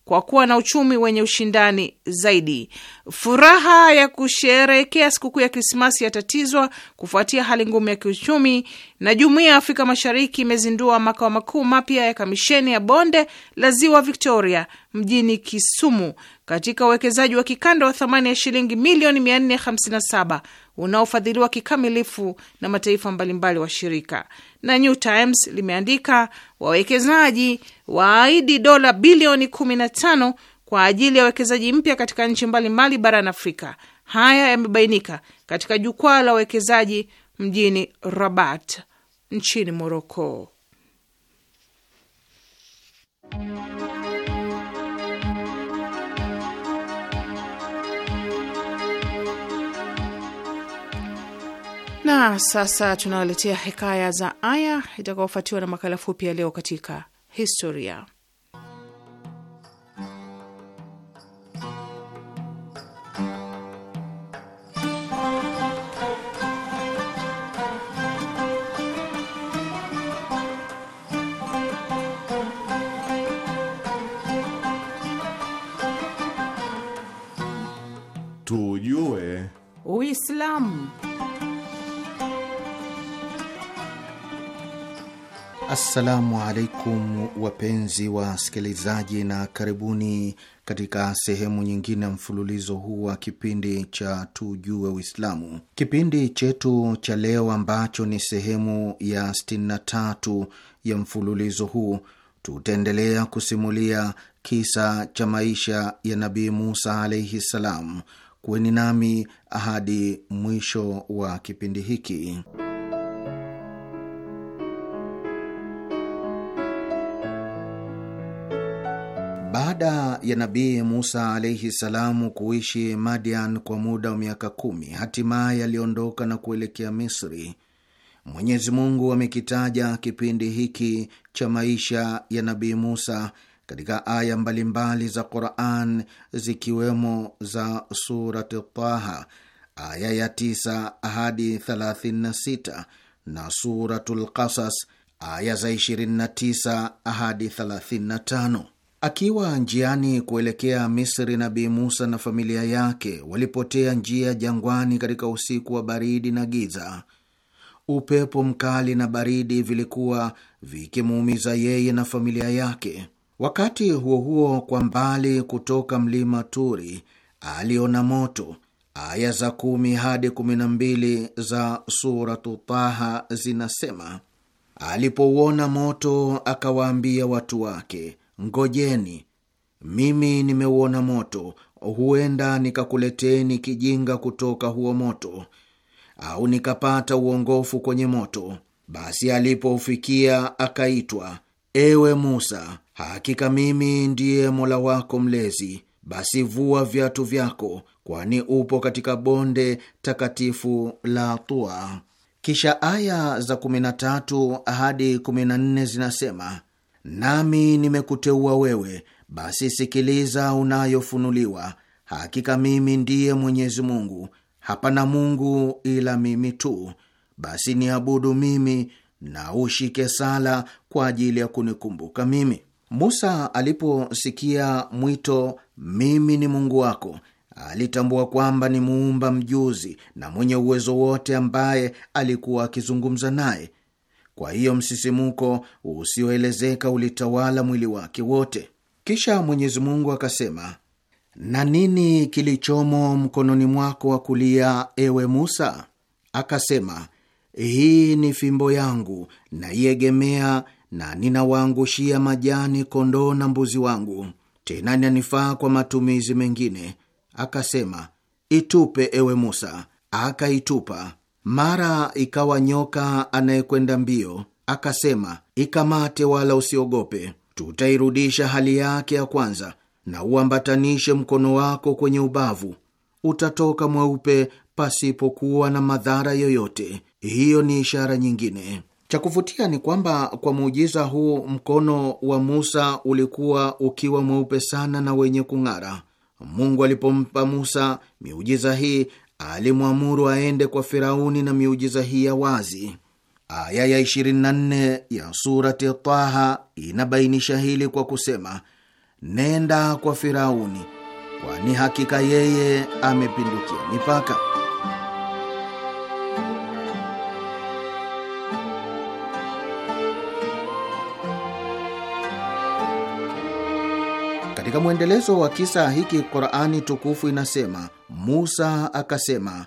kwa kuwa na uchumi wenye ushindani zaidi. Furaha ya kusherehekea sikukuu ya Krismasi yatatizwa kufuatia hali ngumu ya kiuchumi. Na jumuiya ya Afrika Mashariki imezindua makao makuu mapya ya kamisheni ya bonde la ziwa Victoria mjini Kisumu katika uwekezaji wa kikanda wa thamani ya shilingi milioni 457 unaofadhiliwa kikamilifu na mataifa mbalimbali washirika. Na New Times limeandika wawekezaji waahidi dola bilioni 15 kwa ajili ya wekezaji mpya katika nchi mbalimbali barani Afrika. Haya yamebainika katika jukwaa la wawekezaji mjini Rabat nchini Moroko. Na sasa tunawaletea hekaya za aya itakayofuatiwa na makala fupi ya leo katika historia. Assalamu alaikum wapenzi wa sikilizaji, na karibuni katika sehemu nyingine ya mfululizo huu wa kipindi cha Tujue Uislamu. Kipindi chetu cha leo ambacho ni sehemu ya 63 ya mfululizo huu, tutaendelea kusimulia kisa cha maisha ya Nabii Musa alaihi ssalam. Kuweni nami hadi mwisho wa kipindi hiki. Baada ya Nabii Musa alaihi salamu kuishi Madian kwa muda wa miaka kumi, hatimaye aliondoka na kuelekea Misri. Mwenyezi Mungu amekitaja kipindi hiki cha maisha ya Nabii Musa katika aya mbalimbali za Quran zikiwemo za Surat Taha aya ya 9 hadi 36 na Suratul Qasas aya za 29 hadi 35. Akiwa njiani kuelekea Misri, Nabii Musa na familia yake walipotea njia jangwani katika usiku wa baridi na giza. Upepo mkali na baridi vilikuwa vikimuumiza yeye na familia yake. Wakati huo huo, kwa mbali kutoka mlima Turi aliona moto. Aya za kumi hadi kumi na mbili za Suratu Taha zinasema, alipouona moto akawaambia watu wake Ngojeni, mimi nimeuona moto, huenda nikakuleteni kijinga kutoka huo moto, au nikapata uongofu kwenye moto. Basi alipoufikia akaitwa, ewe Musa, hakika mimi ndiye Mola wako Mlezi, basi vua viatu vyako, kwani upo katika bonde takatifu la Tua. Kisha aya za 13 hadi 14 zinasema nami nimekuteua wewe, basi sikiliza unayofunuliwa. Hakika mimi ndiye Mwenyezi Mungu, hapana Mungu ila mimi tu, basi niabudu mimi na ushike sala kwa ajili ya kunikumbuka mimi. Musa aliposikia mwito, mimi ni Mungu wako, alitambua kwamba ni muumba mjuzi na mwenye uwezo wote ambaye alikuwa akizungumza naye kwa hiyo msisimuko usioelezeka ulitawala mwili wake wote. Kisha Mwenyezi Mungu akasema, na nini kilichomo mkononi mwako wa kulia, ewe Musa? Akasema, hii ni fimbo yangu, naiegemea na ninawaangushia majani kondoo na mbuzi wangu, tena nanifaa kwa matumizi mengine. Akasema, itupe ewe Musa. Akaitupa. Mara ikawa nyoka anayekwenda mbio akasema, ikamate wala usiogope, tutairudisha hali yake ya kwanza, na uambatanishe mkono wako kwenye ubavu, utatoka mweupe pasipokuwa na madhara yoyote. Hiyo ni ishara nyingine. Cha kuvutia ni kwamba kwa muujiza huu mkono wa Musa ulikuwa ukiwa mweupe sana na wenye kung'ara. Mungu alipompa Musa miujiza hii alimwamuru aende kwa Firauni na miujiza hii ya wazi. Aya ya 24 ya surati Taha inabainisha hili kwa kusema, nenda kwa Firauni, kwani hakika yeye amepindukia mipaka. Katika mwendelezo wa kisa hiki, Qurani tukufu inasema Musa akasema,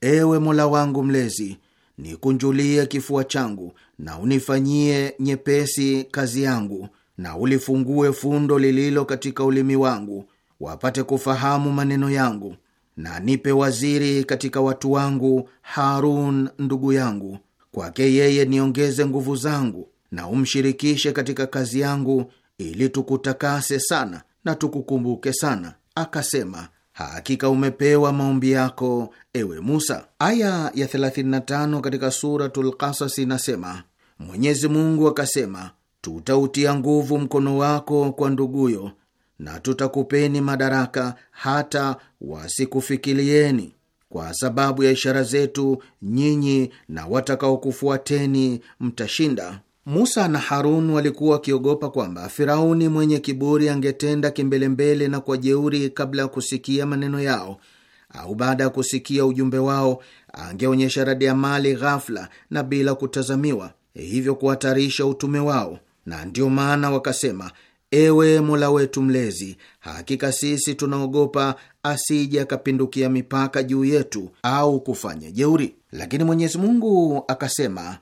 ewe Mola wangu Mlezi, nikunjulie kifua changu na unifanyie nyepesi kazi yangu, na ulifungue fundo lililo katika ulimi wangu, wapate kufahamu maneno yangu, na nipe waziri katika watu wangu, Harun ndugu yangu. Kwake yeye niongeze nguvu zangu, na umshirikishe katika kazi yangu, ili tukutakase sana na tukukumbuke sana. Akasema, hakika umepewa maombi yako ewe Musa. Aya ya 35 katika Suratul Kasas inasema, Mwenyezi Mungu akasema, tutautia nguvu mkono wako kwa nduguyo na tutakupeni madaraka hata wasikufikilieni kwa sababu ya ishara zetu, nyinyi na watakaokufuateni mtashinda. Musa na Harun walikuwa wakiogopa kwamba Firauni mwenye kiburi angetenda kimbelembele na kwa jeuri kabla ya kusikia maneno yao au baada ya kusikia ujumbe wao angeonyesha radi ya mali ghafla na bila kutazamiwa, hivyo kuhatarisha utume wao. Na ndiyo maana wakasema, ewe Mola wetu Mlezi, hakika sisi tunaogopa asije akapindukia mipaka juu yetu au kufanya jeuri. Lakini Mwenyezi Mungu akasema,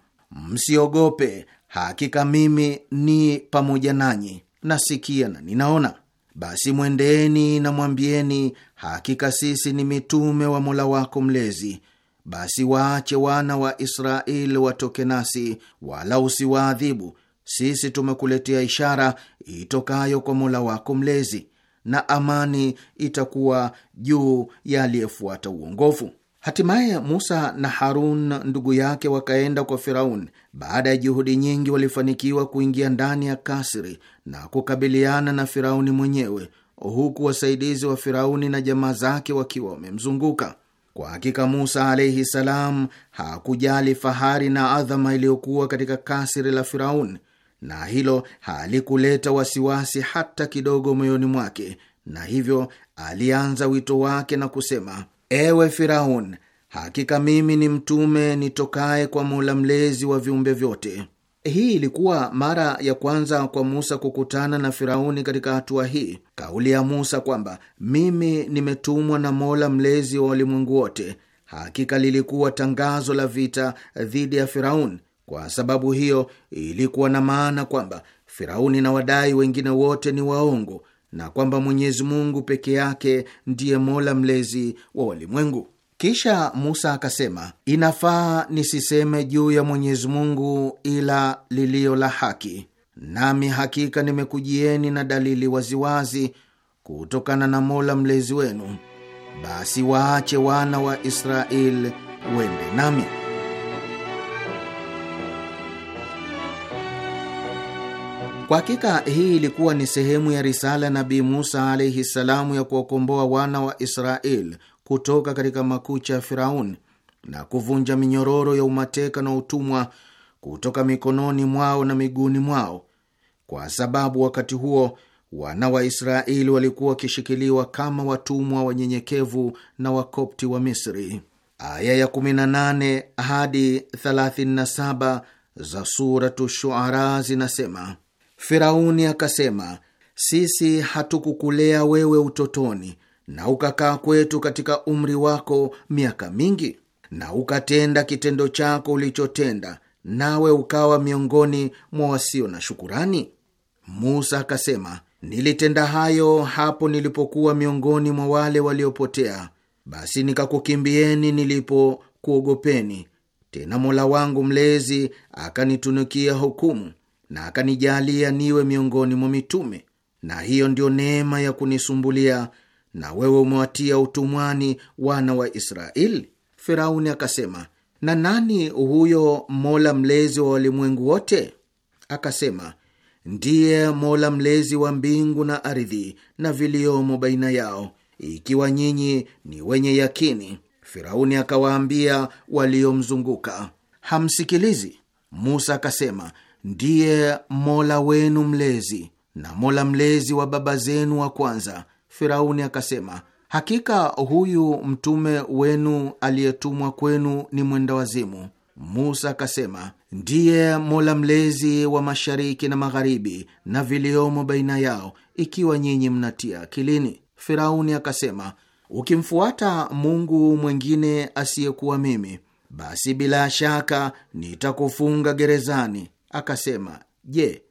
msiogope, hakika mimi ni pamoja nanyi, nasikia na ninaona. Basi mwendeni na mwambieni, hakika sisi ni mitume wa Mola wako Mlezi. Basi waache wana wa Israeli watoke nasi, wala usiwaadhibu. Sisi tumekuletea ishara itokayo kwa Mola wako Mlezi, na amani itakuwa juu ya aliyefuata uongofu. Hatimaye Musa na Harun ndugu yake wakaenda kwa firaun Baada ya juhudi nyingi, walifanikiwa kuingia ndani ya kasri na kukabiliana na Firauni mwenyewe, huku wasaidizi wa Firauni na jamaa zake wakiwa wamemzunguka. Kwa hakika Musa alaihi salam hakujali fahari na adhama iliyokuwa katika kasri la Firauni, na hilo halikuleta wasiwasi hata kidogo moyoni mwake, na hivyo alianza wito wake na kusema Ewe Firaun, hakika mimi ni mtume nitokaye kwa Mola mlezi wa viumbe vyote. Hii ilikuwa mara ya kwanza kwa Musa kukutana na Firauni katika hatua hii. Kauli ya Musa kwamba mimi nimetumwa na Mola mlezi wa walimwengu wote, hakika lilikuwa tangazo la vita dhidi ya Firauni. Kwa sababu hiyo, ilikuwa na maana kwamba Firauni na wadai wengine wote ni waongo na kwamba Mwenyezi Mungu peke yake ndiye mola mlezi wa walimwengu. Kisha Musa akasema, inafaa nisiseme juu ya Mwenyezi Mungu ila liliyo la haki, nami hakika nimekujieni na dalili waziwazi kutokana na mola mlezi wenu, basi waache wana wa Israeli wende nami. Kwa hakika hii ilikuwa ni sehemu ya risala Nabii Musa alaihi salamu ya kuwakomboa wana wa Israel kutoka katika makucha ya Firaun na kuvunja minyororo ya umateka na utumwa kutoka mikononi mwao na miguuni mwao, kwa sababu wakati huo wana wa Israeli walikuwa wakishikiliwa kama watumwa wanyenyekevu na Wakopti wa Misri. Aya ya 18 hadi 37 za Suratu Shuara zinasema: Firauni akasema, sisi hatukukulea wewe utotoni na ukakaa kwetu katika umri wako miaka mingi, na ukatenda kitendo chako ulichotenda, nawe ukawa miongoni mwa wasio na shukurani. Musa akasema, nilitenda hayo hapo nilipokuwa miongoni mwa wale waliopotea, basi nikakukimbieni nilipokuogopeni, tena Mola wangu mlezi akanitunukia hukumu na akanijalia niwe miongoni mwa mitume, na hiyo ndiyo neema ya kunisumbulia, na wewe umewatia utumwani wana wa Israeli. Firauni akasema, na nani huyo mola mlezi wa walimwengu wote? Akasema, ndiye mola mlezi wa mbingu na ardhi na viliomo baina yao, ikiwa nyinyi ni wenye yakini. Firauni akawaambia waliomzunguka, hamsikilizi. Musa akasema ndiye Mola wenu mlezi na Mola mlezi wa baba zenu wa kwanza. Firauni akasema, hakika huyu mtume wenu aliyetumwa kwenu ni mwenda wazimu. Musa akasema, ndiye Mola mlezi wa mashariki na magharibi na viliomo baina yao, ikiwa nyinyi mnatia akilini. Firauni akasema, ukimfuata Mungu mwengine asiyekuwa mimi, basi bila shaka nitakufunga gerezani akasema, Je,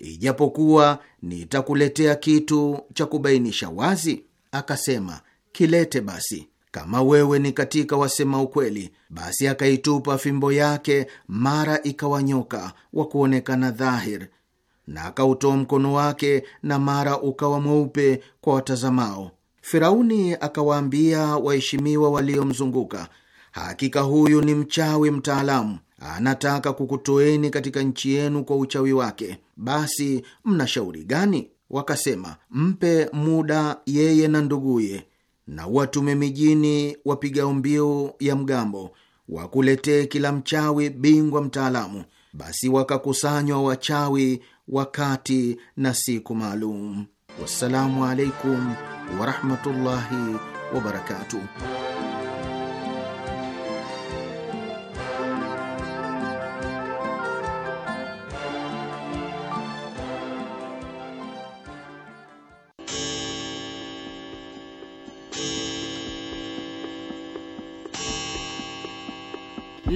ijapokuwa nitakuletea kitu cha kubainisha wazi? Akasema, kilete basi, kama wewe ni katika wasema ukweli. Basi akaitupa fimbo yake, mara ikawanyoka wa kuonekana dhahir, na akautoa mkono wake, na mara ukawa mweupe kwa watazamao. Firauni akawaambia waheshimiwa waliomzunguka, hakika huyu ni mchawi mtaalamu anataka kukutoeni katika nchi yenu kwa uchawi wake, basi mna shauri gani? Wakasema, mpe muda yeye na nduguye, na watume mijini wapigao mbiu ya mgambo wakuletee kila mchawi bingwa mtaalamu. Basi wakakusanywa wachawi wakati na siku maalum. Wassalamu alaikum warahmatullahi wabarakatuh.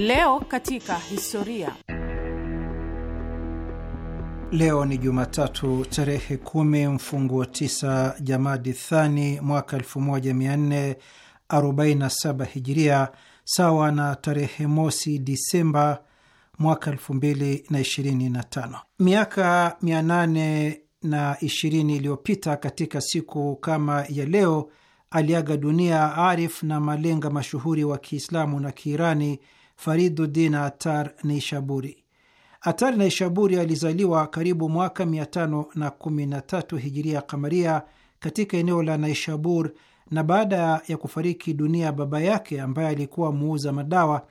Leo katika historia. Leo ni Jumatatu tarehe kumi mfunguo tisa Jamadi Thani mwaka 1447 Hijiria, sawa na tarehe mosi Disemba mwaka 2025. Miaka 820 iliyopita katika siku kama ya leo aliaga dunia arif na malenga mashuhuri wa Kiislamu na Kiirani Fariduddin Atar Neishaburi. Atar Neishaburi alizaliwa karibu mwaka 513 hijiria kamaria katika eneo la Naishabur, na baada ya kufariki dunia baba yake ambaye alikuwa muuza madawa,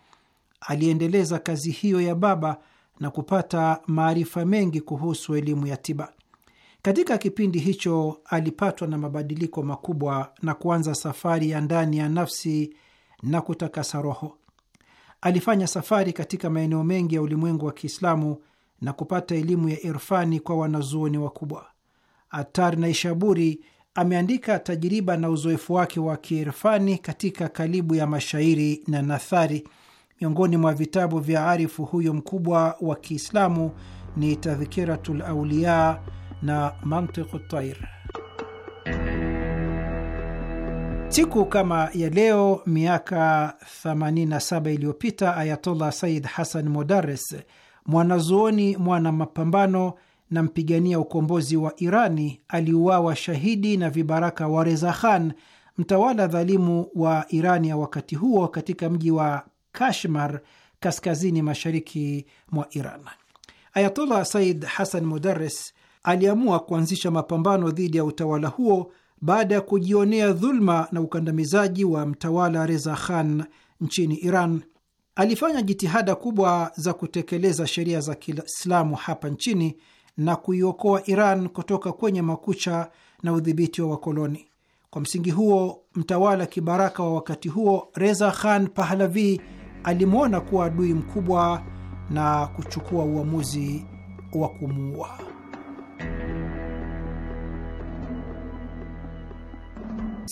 aliendeleza kazi hiyo ya baba na kupata maarifa mengi kuhusu elimu ya tiba. Katika kipindi hicho alipatwa na mabadiliko makubwa na kuanza safari ya ndani ya nafsi na kutakasa roho. Alifanya safari katika maeneo mengi ya ulimwengu wa Kiislamu na kupata elimu ya irfani kwa wanazuoni wakubwa. atar Naishaburi ameandika tajiriba na uzoefu wake wa kiirfani katika kalibu ya mashairi na nathari. Miongoni mwa vitabu vya arifu huyo mkubwa wa Kiislamu ni Tadhkiratul Auliya na Mantiqu Tair. Siku kama ya leo miaka 87 iliyopita Ayatollah Said Hassan Modares, mwanazuoni, mwana mapambano na mpigania ukombozi wa Irani, aliuawa shahidi na vibaraka wa Reza Khan, mtawala dhalimu wa Irani ya wakati huo, katika mji wa Kashmar, kaskazini mashariki mwa Iran. Ayatollah Said Hassan Modares aliamua kuanzisha mapambano dhidi ya utawala huo baada ya kujionea dhuluma na ukandamizaji wa mtawala Reza Khan nchini Iran. Alifanya jitihada kubwa za kutekeleza sheria za Kiislamu hapa nchini na kuiokoa Iran kutoka kwenye makucha na udhibiti wa wakoloni. Kwa msingi huo, mtawala kibaraka wa wakati huo Reza Khan Pahlavi alimwona kuwa adui mkubwa na kuchukua uamuzi wa kumuua.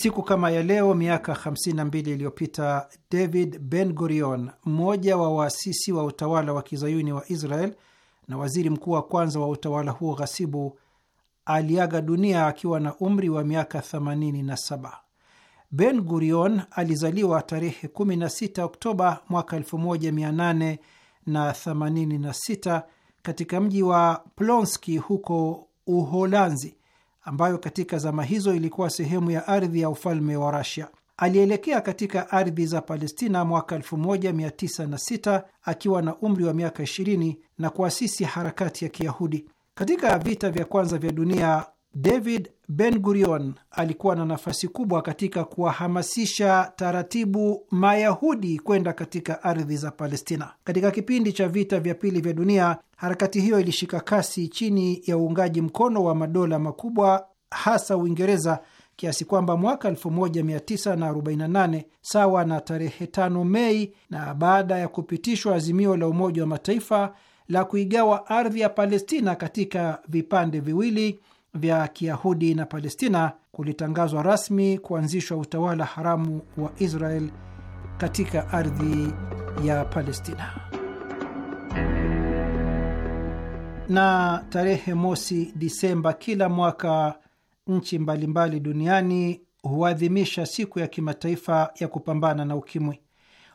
Siku kama ya leo miaka 52 iliyopita David Ben Gurion, mmoja wa waasisi wa utawala wa kizayuni wa Israel na waziri mkuu wa kwanza wa utawala huo ghasibu, aliaga dunia akiwa na umri wa miaka 87. Ben Gurion alizaliwa tarehe 16 Oktoba mwaka 1886 katika mji wa Plonski huko Uholanzi ambayo katika zama hizo ilikuwa sehemu ya ardhi ya ufalme wa Rasia. Alielekea katika ardhi za Palestina mwaka 1906 akiwa na umri wa miaka 20 na kuasisi harakati ya Kiyahudi. Katika vita vya kwanza vya dunia David Ben Gurion alikuwa na nafasi kubwa katika kuwahamasisha taratibu Mayahudi kwenda katika ardhi za Palestina. Katika kipindi cha vita vya pili vya dunia, harakati hiyo ilishika kasi chini ya uungaji mkono wa madola makubwa, hasa Uingereza, kiasi kwamba mwaka 1948 sawa na tarehe 5 Mei, na baada ya kupitishwa azimio la Umoja wa Mataifa la kuigawa ardhi ya Palestina katika vipande viwili vya Kiyahudi na Palestina kulitangazwa rasmi kuanzishwa utawala haramu wa Israel katika ardhi ya Palestina. Na tarehe mosi Disemba kila mwaka nchi mbalimbali duniani huadhimisha siku ya kimataifa ya kupambana na ukimwi.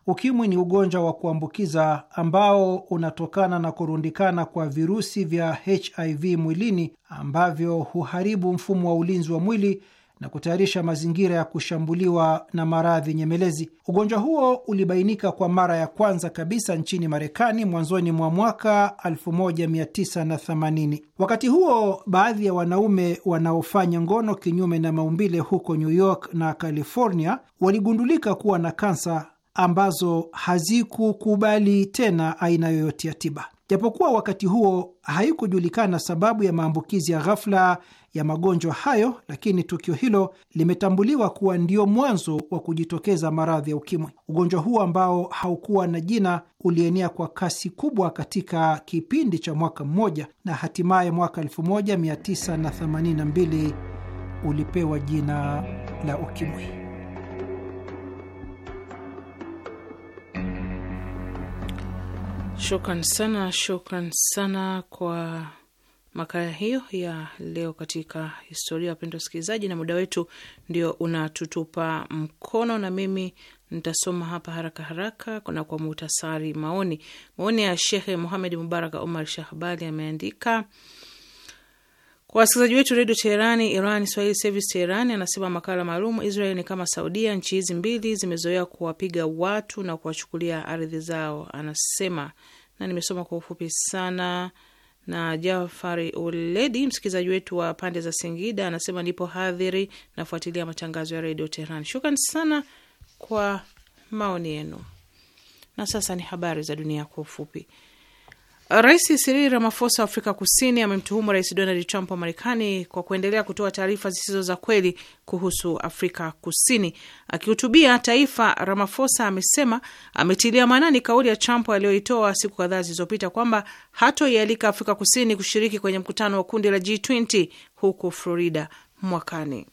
Ukimwi ni ugonjwa wa kuambukiza ambao unatokana na kurundikana kwa virusi vya HIV mwilini ambavyo huharibu mfumo wa ulinzi wa mwili na kutayarisha mazingira ya kushambuliwa na maradhi nyemelezi. Ugonjwa huo ulibainika kwa mara ya kwanza kabisa nchini Marekani mwanzoni mwa mwaka 1980. Wakati huo, baadhi ya wanaume wanaofanya ngono kinyume na maumbile huko New York na California waligundulika kuwa na kansa ambazo hazikukubali tena aina yoyote ya tiba. Japokuwa wakati huo haikujulikana sababu ya maambukizi ya ghafla ya magonjwa hayo, lakini tukio hilo limetambuliwa kuwa ndio mwanzo wa kujitokeza maradhi ya ukimwi. Ugonjwa huo ambao haukuwa na jina ulienea kwa kasi kubwa katika kipindi cha mwaka mmoja na hatimaye mwaka 1982 ulipewa jina la ukimwi. Shukran sana, shukran sana kwa makala hiyo ya leo katika historia, wapendwa wasikilizaji, na muda wetu ndio unatutupa mkono, na mimi ntasoma hapa haraka haraka na kwa muhtasari maoni. Maoni ya Shekhe Muhamed Mubarak Omar Shahbali ameandika kwa wasikilizaji wetu redio Teherani, Iran Swahili Service Teherani anasema makala maalum, Israel ni kama Saudia. Nchi hizi mbili zimezoea kuwapiga watu na kuwachukulia ardhi zao, anasema na nimesoma kwa ufupi sana. Na Jafari Uledi, msikilizaji wetu wa pande za Singida, anasema nipo hadhiri, nafuatilia matangazo ya redio Teherani. Shukran sana kwa maoni yenu, na sasa ni habari za dunia kwa ufupi. Rais Cyril Ramaphosa wa Afrika Kusini amemtuhumu Rais Donald Trump wa Marekani kwa kuendelea kutoa taarifa zisizo za kweli kuhusu Afrika Kusini. Akihutubia taifa, Ramaphosa amesema ametilia maanani kauli ya Trump aliyoitoa siku kadhaa zilizopita kwamba hatoialika Afrika Kusini kushiriki kwenye mkutano wa kundi la G20 huko Florida mwakani.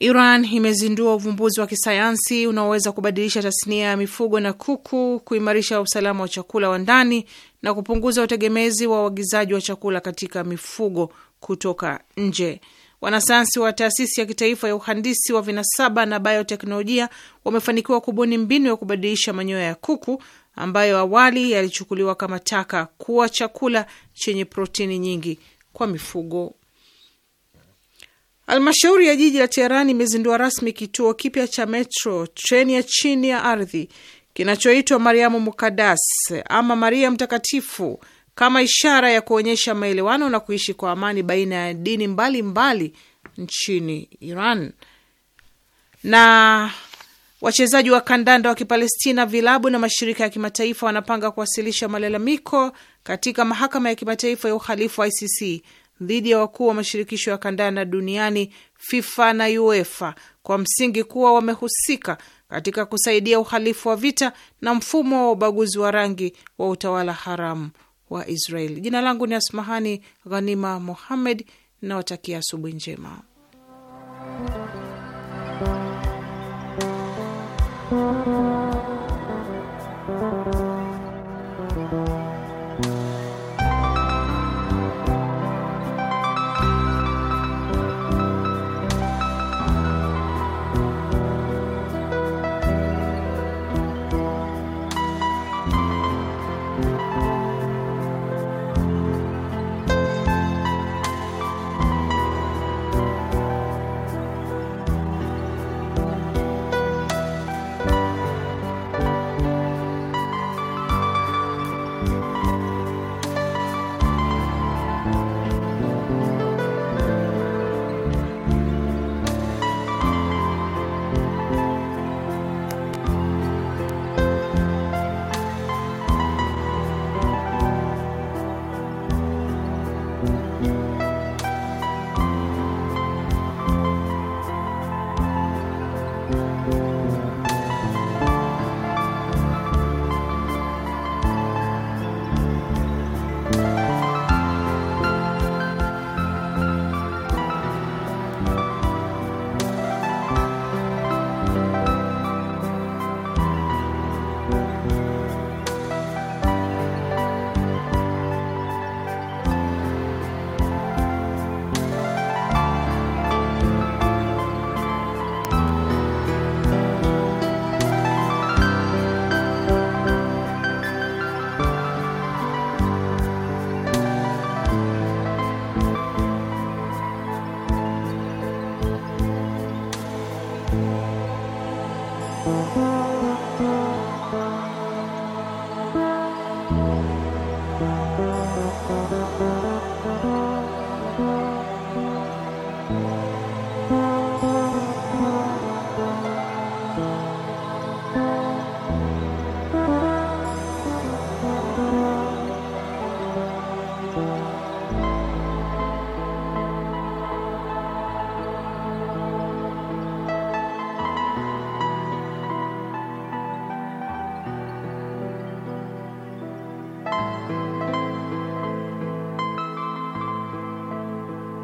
Iran imezindua uvumbuzi wa kisayansi unaoweza kubadilisha tasnia ya mifugo na kuku, kuimarisha usalama wa chakula wa ndani na kupunguza utegemezi wa uagizaji wa chakula katika mifugo kutoka nje. Wanasayansi wa taasisi ya kitaifa ya uhandisi wa vinasaba na bioteknolojia wamefanikiwa kubuni mbinu ya kubadilisha manyoya ya kuku ambayo awali yalichukuliwa kama taka kuwa chakula chenye protini nyingi kwa mifugo halmashauri ya jiji la Teherani imezindua rasmi kituo kipya cha metro, treni ya chini ya ardhi kinachoitwa Mariamu Mukadas ama Maria Mtakatifu, kama ishara ya kuonyesha maelewano na kuishi kwa amani baina ya dini mbalimbali mbali nchini Iran. Na wachezaji wa kandanda wa Kipalestina, vilabu na mashirika ya kimataifa wanapanga kuwasilisha malalamiko katika mahakama ya kimataifa ya uhalifu ICC dhidi ya wakuu wa mashirikisho ya kandanda duniani FIFA na UEFA kwa msingi kuwa wamehusika katika kusaidia uhalifu wa vita na mfumo wa ubaguzi wa rangi wa utawala haramu wa israel Jina langu ni Asmahani Ghanima Mohammed, nawatakia asubuhi njema.